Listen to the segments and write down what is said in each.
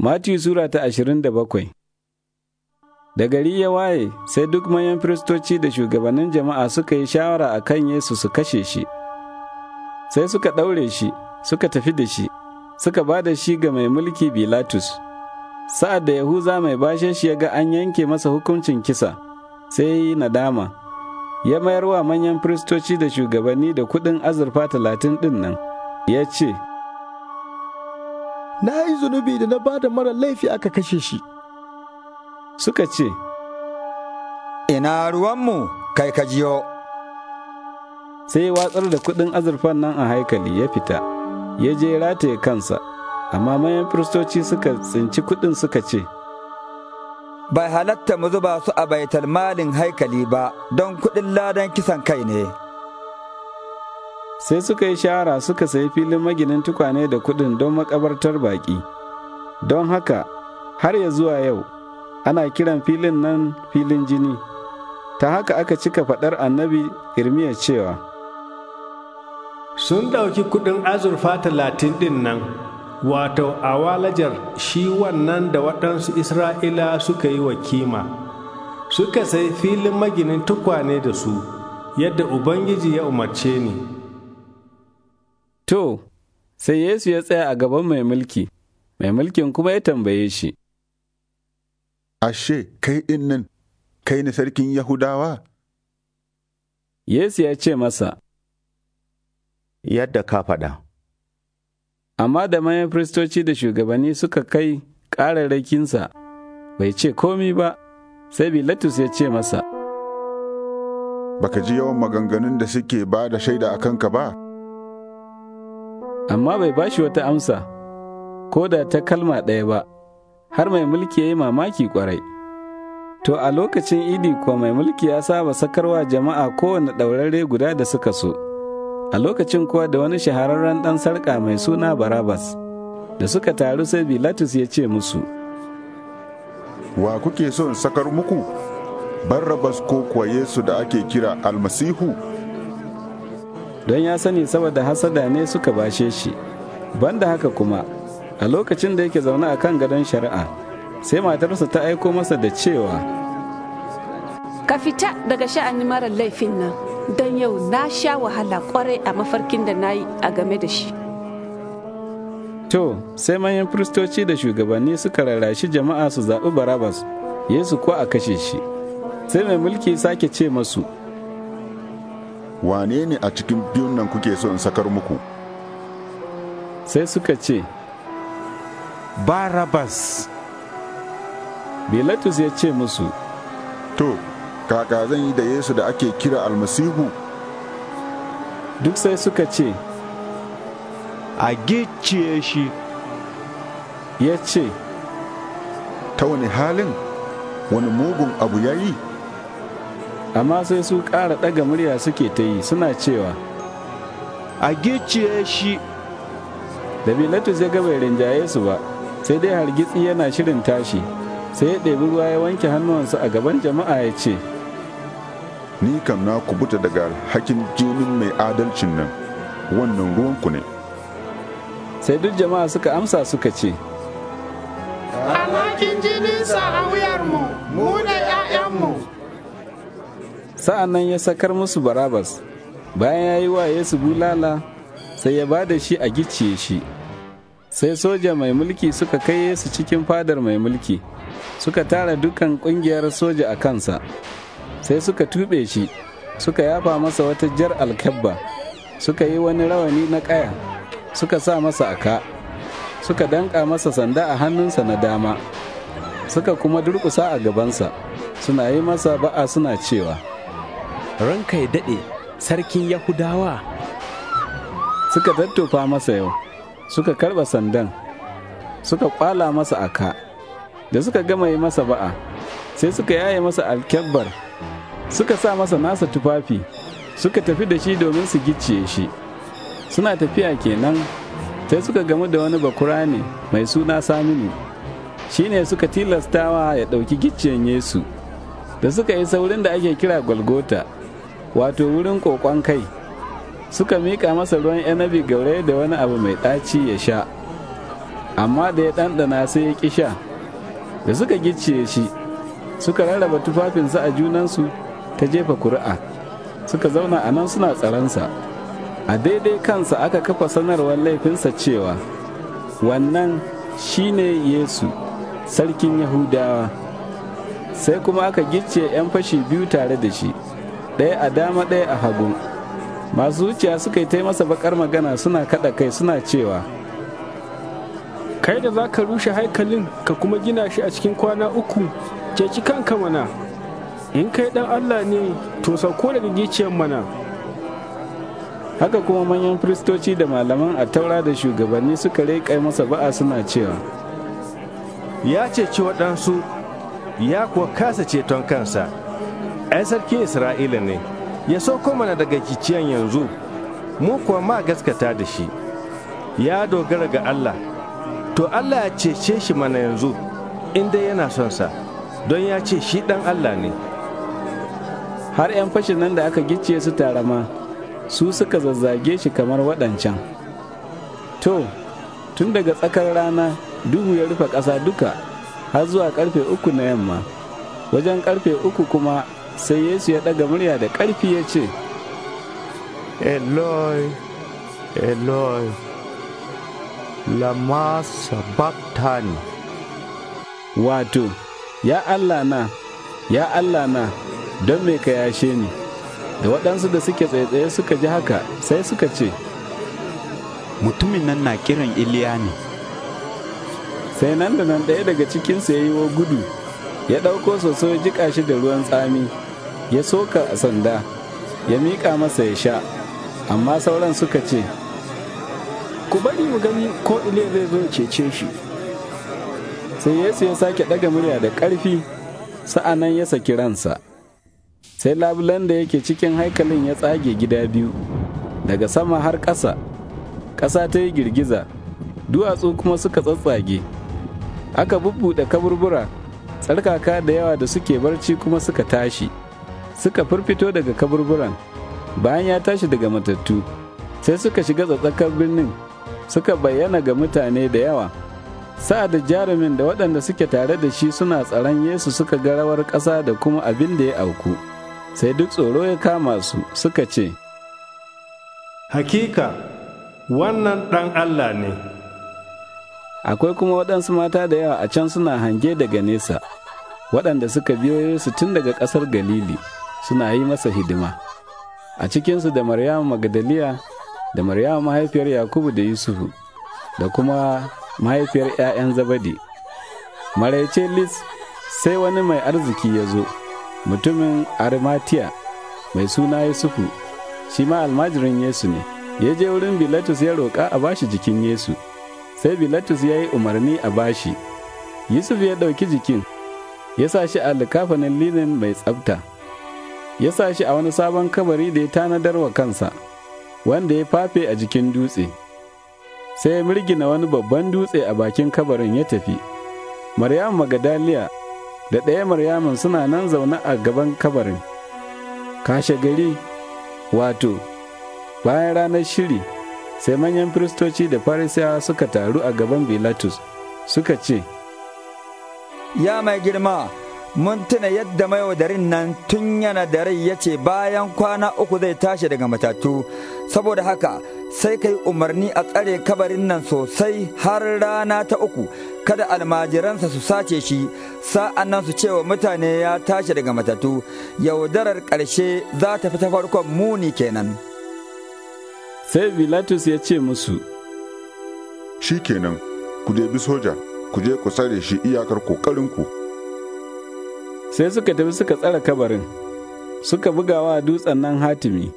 Matiyu Sura ta ashirin da bakwai Da gari ya waye, sai duk manyan firistoci da shugabannin jama'a suka yi shawara a kan Yesu su kashe shi. Sai suka ɗaure shi, suka tafi da shi, suka ba da shi ga mai mulki Bilatus. Sa'ad da Yahuza mai bashe shi ya ga an yanke masa hukuncin kisa, sai yi nadama. Ya mayar wa manyan firistoci da shugabanni da kuɗin azurfa talatin ɗin nan, ya ce, na yi zunubi da na ba da mara laifi aka kashe shi. Suka ce, Ina ruwanmu kai ka jiyo. Sai watsar da kuɗin azurfan nan a haikali ya fita, ya je rataye kansa, amma mayan firistoci suka tsinci kuɗin suka ce, Bai halatta mu zuba su a baitar malin haikali ba don kuɗin ladan kisan kai ne. sai suka yi shahara suka sayi filin maginin tukwane da kuɗin don makabartar baƙi don haka har ya zuwa yau ana kiran filin nan filin jini ta haka aka cika faɗar annabi irmiya cewa sun ɗauki kuɗin azurfa talatin ɗin nan wato walajar shi wannan da waɗansu isra'ila suka yi wa kima suka sai filin maginin tukwane da su yadda ubangiji ya umarce ni. To, sai Yesu ya tsaya a gaban mai mulki, mai mulkin kuma ya tambaye shi. Ashe, kai in nan, kai ni sarkin Yahudawa? Yesu ya ce masa, Yadda ka faɗa. Amma da manyan firistoci da shugabanni suka kai ƙararrakinsa, bai ce komi ba, sai Bilatus ya ce masa, Baka ji yawan maganganun da suke ba da shaida a kanka ba? amma bai ba shi wata amsa, ko da ta kalma ɗaya ba, har mai mulki ya yi mamaki ƙwarai. To a lokacin idi kuwa mai mulki ya saba sakarwa jama'a kowane ɗaurarre guda da suka so, a lokacin kuwa da wani shahararren ɗan sarƙa mai suna Barabas, da suka taru sai Bilatus ya ce musu. Wa kuke son sakar muku? Barabas ko kuwa Yesu da ake kira almasihu? don ya sani saboda hasada ne suka bashe shi banda haka kuma a lokacin da yake zaune a kan gadon shari'a sai matarsa ta aiko masa da cewa ka fita daga sha'ani mara laifin nan don yau na sha wahala kwarai a mafarkin da na yi a game da shi to sai manyan firistoci da shugabanni suka rarrashi jama'a su zaɓi barabas yesu ko a kashe shi sai mai mulki sake ce masu wane ne a cikin biyun nan kuke son sakar muku sai suka ce barabas Bilatus ya ce musu to kaka zan yi da yesu da ake kira almasihu duk sai suka ce a gicciye shi ya ce ta wani halin wani mugun abu ya yi amma sai su ƙara ɗaga murya suke ta yi suna cewa a gicciye shi da bilatus ya ga rinjaye su ba sai dai hargitsi yana shirin tashi sai ya ɗebi ruwa ya wanke hannuwansa a gaban jama'a ya ce ni kam na kubuta daga hakin jinin mai adalcin nan wannan ruwanku ne sai duk jama'a suka amsa suka ce alhakin jininsa a wuyarmu mu ne sa'an nan ya sakar musu barabas bayan ya yi wa yesu bulala sai ya ba da shi a gicciye shi sai soja mai mulki suka kai yesu cikin fadar mai mulki suka tara dukan ƙungiyar soja a kansa sai suka tuɓe shi suka yafa masa wata jar alkabba suka yi wani rawani na ƙaya suka sa masa aka suka danƙa masa sanda a hannunsa na dama suka kuma durƙusa a gabansa suna yi masa ba'a suna cewa ranka ya daɗe sarkin yahudawa suka tattofa masa yau suka karɓa sandan suka kwala masa aka da suka gama yi masa ba'a sai suka yaye masa alkyabbar suka sa masa nasa tufafi suka tafi da shi domin su gicciye shi suna tafiya kenan sai suka gamu da wani bakura mai suna saminu shi ne suka tilastawa ya ɗauki gicciyen yesu da suka yi saurin da ake kira golgota wato wurin kokon kai suka mika masa ruwan yanabi gaure da wani abu mai ɗaci ya sha amma da ya ɗanɗana sai ya kisha sha da suka gicciye shi suka rarraba tufafinsa a junansu ta jefa kuri'a suka zauna a nan suna tsaransa a daidai kansa aka kafa sanarwar laifinsa cewa wannan shine yesu sarkin yahudawa sai kuma aka gicciye 'yan fashi biyu tare da shi ɗaya a dama ɗaya a hagu masu zuciya suka yi ta masa bakar magana suna kaɗa kai suna cewa kai da za ka rushe haikalin ka kuma gina shi a cikin kwana uku ceci kanka mana in kai ɗan allah ne to sauko daga giciyar mana haka kuma manyan firistoci da malaman a taura da shugabanni suka rai masa ba'a suna cewa ya ceci waɗansu ya kuwa kasa ceton kansa ai sarki isra'ila ne ya sauko mana daga kiciyan yanzu mu kuwa ma gaskata da shi ya dogara ga allah to allah ya cece shi mana yanzu inda yana son sa don ya ce shi dan allah ne har 'yan fashin nan da aka gicciye su tarama su suka zazzage shi kamar waɗancan to tun daga tsakar rana duhu ya rufe ƙasa duka har zuwa karfe uku na yamma wajen karfe uku kuma sai yesu ya ɗaga murya da ƙarfi ya ce eloi eloi lama ne. wato ya allah na ya allah na don me ka yashe ni da waɗansu da suke tsaye suka ji haka sai suka ce mutumin nan na kiran iliya ne sai nan da nan ɗaya daga cikinsu ya yi wa gudu ya ɗauko soso ya jiƙa shi da ruwan tsami ya soka a sanda ya miƙa masa ya sha amma sauran suka ce ku bari mu gani ko ile zai zo cece shi sai yesu ya sake ɗaga murya da ƙarfi sa'a nan ya saki ransa sai labulan da yake cikin haikalin ya tsage gida biyu daga sama har ƙasa ƙasa ta yi girgiza duwatsu kuma suka tsatsage aka bubbuɗe kaburbura tsarkaka da yawa da suke barci kuma suka tashi suka firfito daga kaburburan bayan ya tashi daga matattu sai suka shiga tsatsakar birnin suka bayyana ga mutane da yawa sa'ad da jarumin da waɗanda suke tare da shi suna tsaron yesu suka ga rawar ƙasa da kuma abin da ya auku sai duk tsoro ya kama su suka ce hakika wannan ɗan allah ne akwai kuma waɗansu mata da yawa a can suna hange daga nesa waɗanda suka biyo yesu tun daga ƙasar galili suna yi masa hidima a cikinsu da maryamu magdaliya da maryamu mahaifiyar yakubu da yusufu da kuma mahaifiyar 'ya'yan zabadi maraice lis sai wani mai arziki ya zo mutumin arimatiya mai suna yusufu shi ma almajirin yesu ne ya je wurin bilatus ya roƙa a bashi jikin yesu sai bilatus ya yi umarni a bashi yusuf ya ɗauki jikin ya sa shi a likafanin linin mai tsabta ya sa shi a wani sabon kabari da ya tanadar wa kansa wanda ya fafe a jikin dutse sai ya mirgina wani babban dutse a bakin kabarin ya tafi maryamu magadaliya da ɗaya maryamun suna nan zaune a gaban kabarin kashe gari wato bayan ranar shiri sai manyan firistoci da farisiyawa suka taru a gaban bilatus suka ce ya mai girma mun tuna yadda maiwadarin nan tun yana da rai ya ce bayan kwana uku zai tashi daga matatu saboda haka sai kai umarni a tsare kabarin nan sosai har rana ta uku kada almajiransa su sace shi sa'an nan su cewa mutane ya tashi daga matatu yaudarar ƙarshe za ta fi ta farkon muni kenan sai bilatus ya ce musu shi kenan ku je bi soja ku je ku tsare shi iyakar ƙoƙarinku sai suka tafi suka tsara kabarin suka bugawa dutsen nan hatimi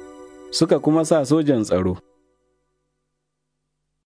suka kuma sa sojan tsaro